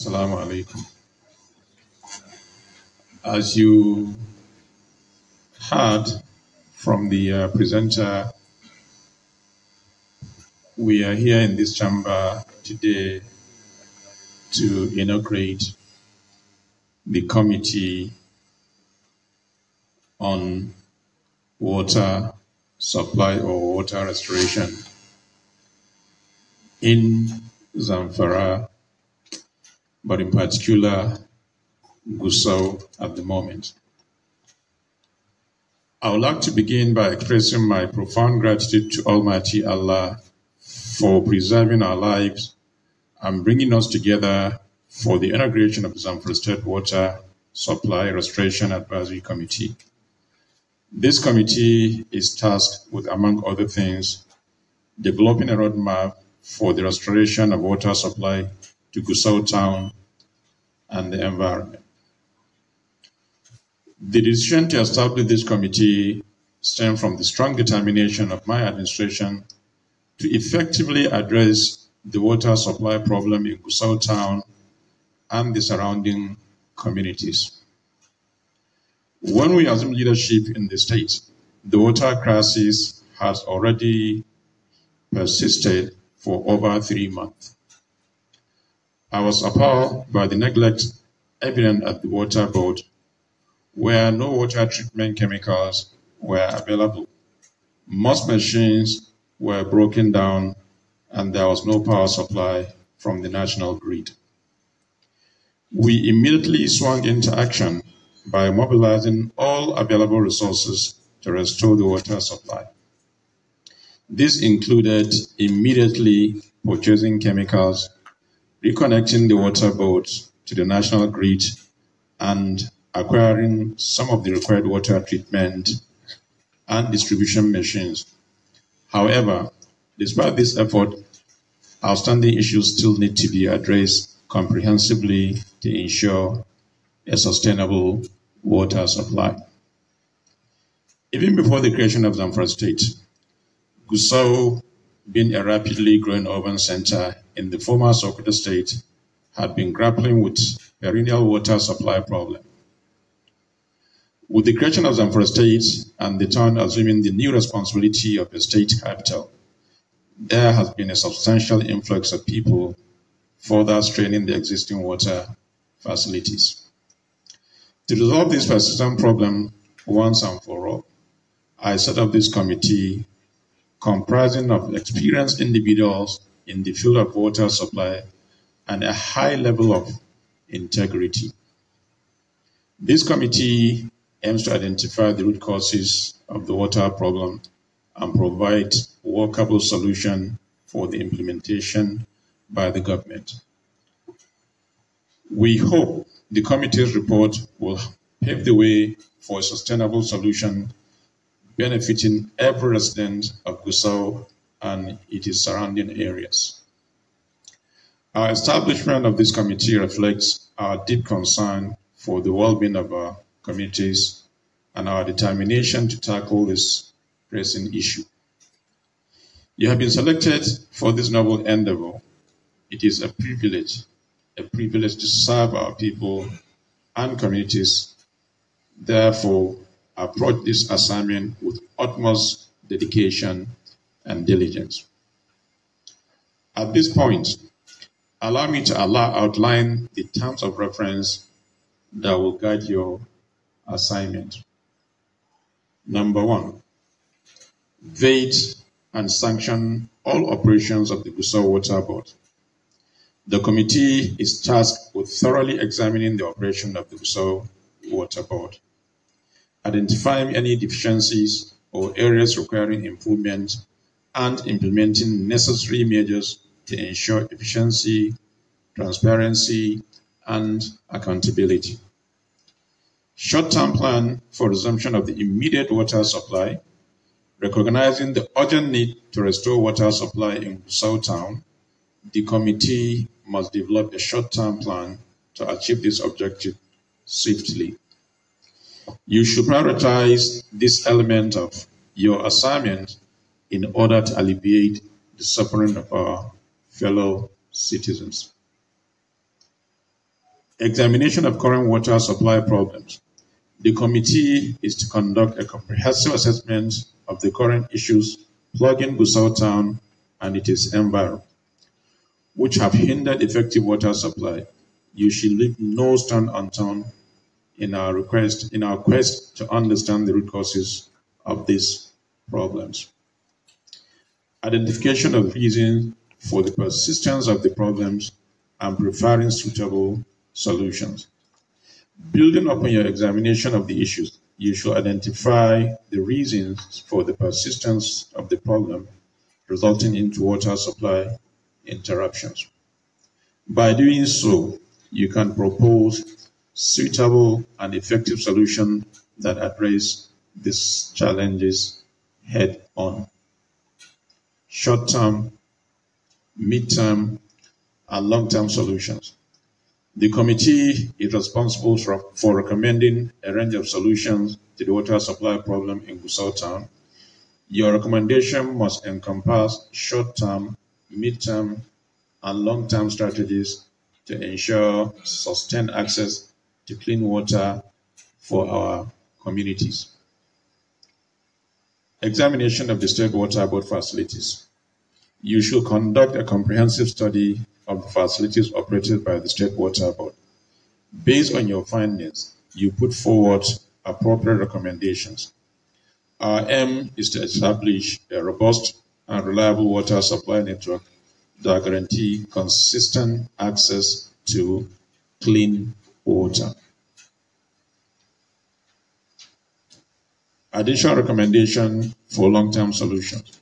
Assalamu alaikum. As you heard from the uh, presenter, we are here in this chamber today to inaugurate the Committee on Water Supply or Water Restoration in Zamfara but in particular Gusau at the moment. I would like to begin by expressing my profound gratitude to Almighty Allah for preserving our lives and bringing us together for the integration of the Zamfara State Water Supply Restoration Advisory Committee. This committee is tasked with, among other things, developing a roadmap for the restoration of water supply to Gusau town and the environment. The decision to establish this committee stemmed from the strong determination of my administration to effectively address the water supply problem in Gusau town and the surrounding communities. When we assumed leadership in the state, the water crisis has already persisted for over three months. I was appalled by the neglect evident at the water board, where no water treatment chemicals were available. Most machines were broken down, and there was no power supply from the national grid. We immediately swung into action by mobilizing all available resources to restore the water supply. This included immediately purchasing chemicals reconnecting the water board to the national grid, and acquiring some of the required water treatment and distribution machines. However, despite this effort, outstanding issues still need to be addressed comprehensively to ensure a sustainable water supply. Even before the creation of Zamfara State, Gusau, being a rapidly growing urban center, in the former Sokoto state had been grappling with perennial water supply problem. With the creation of Zamfara State and the town assuming the new responsibility of a state capital, there has been a substantial influx of people further straining the existing water facilities. To resolve this persistent problem once and for all, I set up this committee comprising of experienced individuals in the field of water supply and a high level of integrity. This committee aims to identify the root causes of the water problem and provide workable solution for the implementation by the government. We hope the committee's report will pave the way for a sustainable solution benefiting every resident of Gusau and its surrounding areas. Our establishment of this committee reflects our deep concern for the well-being of our communities and our determination to tackle this pressing issue. You have been selected for this noble endeavor. It is a privilege, a privilege to serve our people and communities. Therefore, approach this assignment with utmost dedication and diligence. At this point, allow me to allow, outline the terms of reference that will guide your assignment. Number one, vet and sanction all operations of the Gusau Water Board. The committee is tasked with thoroughly examining the operation of the Gusau Water Board, identifying any deficiencies or areas requiring improvement and implementing necessary measures to ensure efficiency, transparency, and accountability. Short-term plan for resumption of the immediate water supply, recognizing the urgent need to restore water supply in Gusau town, the committee must develop a short-term plan to achieve this objective swiftly. You should prioritize this element of your assignment in order to alleviate the suffering of our fellow citizens. Examination of current water supply problems. The committee is to conduct a comprehensive assessment of the current issues plugging Gusau town and its environment, which have hindered effective water supply. You should leave no stone unturned in our request in our quest to understand the root causes of these problems identification of reasons for the persistence of the problems and preferring suitable solutions. Building upon your examination of the issues, you should identify the reasons for the persistence of the problem resulting into water supply interruptions. By doing so, you can propose suitable and effective solutions that address these challenges head on short term, mid term, and long term solutions. The committee is responsible for, for recommending a range of solutions to the water supply problem in Gusau Town. Your recommendation must encompass short term, mid term, and long term strategies to ensure sustained access to clean water for our communities. Examination of the state water board facilities you should conduct a comprehensive study of the facilities operated by the State Water Board. Based on your findings, you put forward appropriate recommendations. Our aim is to establish a robust and reliable water supply network that guarantee consistent access to clean water. Additional recommendation for long-term solutions.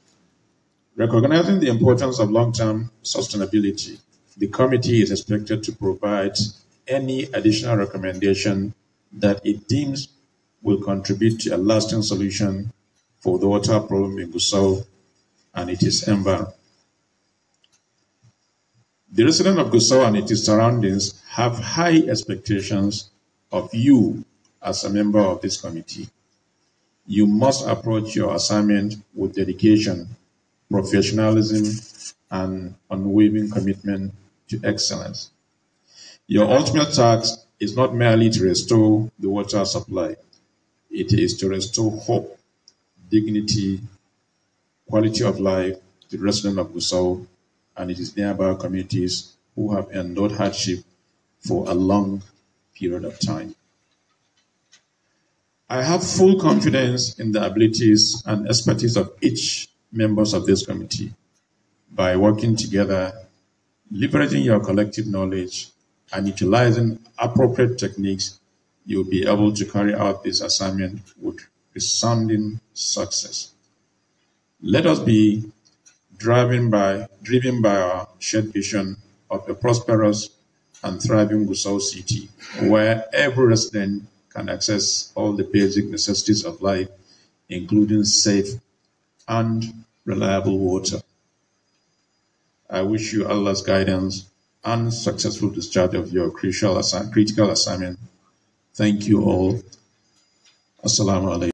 Recognizing the importance of long-term sustainability, the committee is expected to provide any additional recommendation that it deems will contribute to a lasting solution for the water problem in Gusau and its environment. The residents of Gusau and its surroundings have high expectations of you as a member of this committee. You must approach your assignment with dedication professionalism, and unwavering commitment to excellence. Your ultimate task is not merely to restore the water supply, it is to restore hope, dignity, quality of life to the residents of Gusau and its nearby communities who have endured hardship for a long period of time. I have full confidence in the abilities and expertise of each members of this committee by working together, leveraging your collective knowledge, and utilizing appropriate techniques, you'll be able to carry out this assignment with resounding success. Let us be driven by, driven by our shared vision of a prosperous and thriving Gusau City, where every resident can access all the basic necessities of life, including safe and reliable water. I wish you Allah's guidance and successful discharge of your crucial assi critical assignment. Thank you all. Assalamu alaikum.